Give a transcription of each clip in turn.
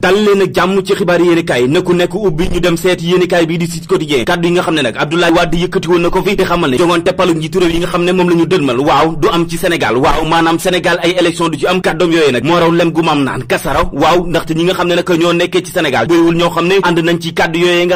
dal leen ak jàmm ci xibaar yéenekaay na ku nekk ubbi ñu dem seet yéenekaay bii di Sud Quotidien kaddu yi nga xam ne nag Abdoulaye Wade yëkkati na ko fi te xamal ne jongante palu njiitu réew yi nga xam ne moom la ñu dëlmal am ci Sénégal waaw maanaam waaw ndaxte ñi nga xam ne nag ñoo nekkee ci ne ànd nañ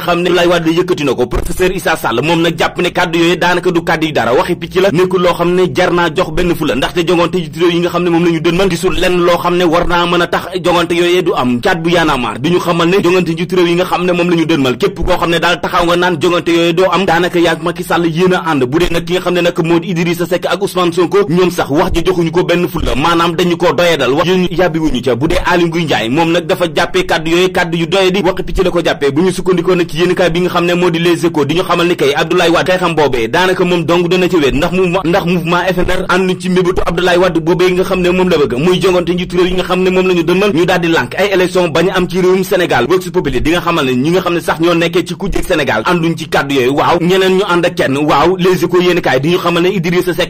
xam ne Abdoulaye na ko professeur Issa Sall moom nag jàpp ne kaddu yooyu daanaka du kaddu yi dara waxi picc la nekkul loo xam ne jar naa jox benn fula ndaxte jongante njiitu réew yi nga xam moom la ñu dëlmal lenn loo xam ne war naa mën a tax jongante yooyu du am yaanamar di ñu xamal ne jongante njiitu réew yi nga xam ne moom la ñu dënmal képp koo xam ne daal taxaw nga naan jongante yooyu doo am daanaka yaag Macky Sall yéen a ànd bu dee nag ki nga xam ne nag moo di Idrissa Seck ak Ousmane Sonko ñoom sax wax ji joxuñu ko benn fulla maanaam dañu ko doyadal wax ji yàbbiwuñu ca bu dee Aly Ngouille Ndiaye moom nag dafa jàppee kàddu yooyu kàddu yu doye di waxi picc la ko jàppee bu ñu sukkandikoo nag ci yéenekaay bi nga xam ne moo di Les Échos di ñu xamal ni kay Abdoulaye Wade xeexam boobee daanaka moom dong dana ci wéet ndax mouvement ndax mouvement FNR ànduñ ci mbébatu Abdoulaye Wade boobee nga xam ne moom la bëgg muy jongante njiitu réew yi nga xam ne moom la ñu dënmal ñu daal di lànk ay élection ba bañ am ci réewum Sénégal vox populi di nga xamal ne ñi nga xam ne sax ñoo nekkee ci kujje Sénégal ànduñ ci kàddu yooyu waaw ñeneen ñu ànd ak kenn waaw les échos yéen kaay di ñu xamal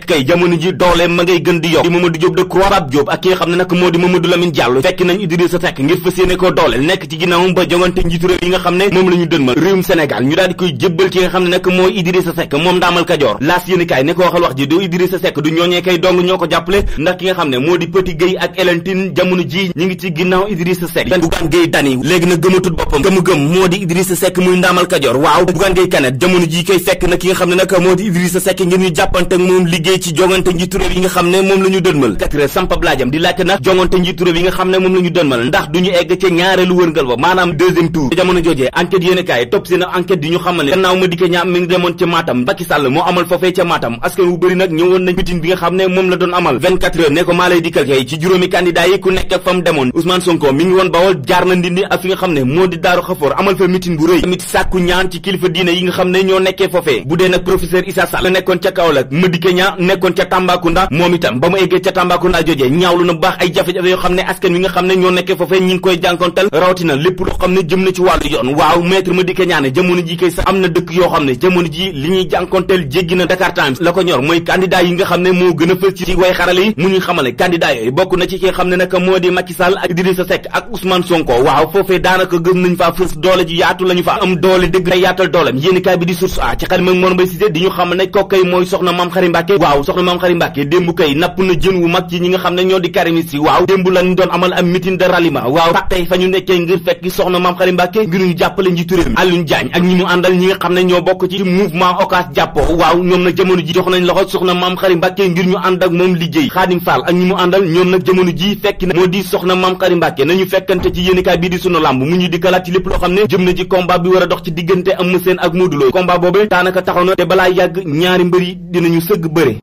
kay jamono ji doole ma ngay gën di yokk di Mamadou Diop Decroix Pape nga xam ne moo di Mamadou Lamine Diallo fekk nañ nekk ci ginnaawam ba jongante njiitu réew yi nga xam ne moom la ñu dënmal réewum Sénégal ñu daal di koy jébbal ki nga xam ne nag mooy Idrissa Seck moom ndaamal Kajoor laas yéen ne ko waxal wax ji du Idrissa Seck du ñooñee kay dong ñoo ko jàppale ndax ki nga xam ne moo di Petit Gueye ak Elentine jamono ngi ci ginnaaw Idrissa Seck Bougane Gueye Dany léegi na gëmatut boppam gëmu gëm moo di Idrissa Seck muy ndaamal Kajoor waaw Bougane Gueye Kane jamono ji koy fekk na ki nga xam ne moom la doon amal 24 heures ne ko maa lay dikkal kay ci juróomi candidat yi ku nekk ak fam demoon Ousmane Sonko mi ngi woon Bawol jaar na ndindi ak fi nga xam ne moo di daaru xafoor amal fa mitin bu rëy sàkku ñaan ci kilifa diine yi nga xam ne ñoo nekkee foofee bu dee nag professeur Issa Sall nekkoon ca Kaolack Madické Niang nekkoon ca ne askan ji koy sax am na dëkk yoo xam ne jamono ji li ñuy jànkontal jéggi na Dakar Times la ko ñor mooy candidat yi nga xam ne moo gën a fës ci way xarale yi mu ñuy xamale candidat yooyu bokk na ci ki xam ne nag moo di Macky Sall ak Idrissa Seck ak Ousmane Sonko waaw foofee daanaka gën nañ faa fës doole ji yaatu lañu fa am doole dëgg te yaatal doolam yéenekaay bi di source a ci xarit mag Mor Mbaye Cissé di ñu xam ne kokkay kay napp soxna Mame Khary ngir ñu jàppale njiitu réew mi Alioune Diagne ak ñi mu àndal ñi nga xam ne ñoo bokk ci mouvement Okas jàppoo waaw ñoom nag jamono ji soxna Mame Khary ngir ñu ànd ak moom liggéey Khadim ak ñi mu àndal ñoom nag jamono ji fekk moo di soxna Mame Khary nañu fekkante yéenekaay bii di sunu làmb mu ñu di kalaat ci lépp loo xam ne jëm na ci combat bi war a dox ci diggante Eumeu Sène ak Modou Lo combat boobe daanaka taxaw na te balaa yàgg ñaari mbër yi dinañu sëgg bëre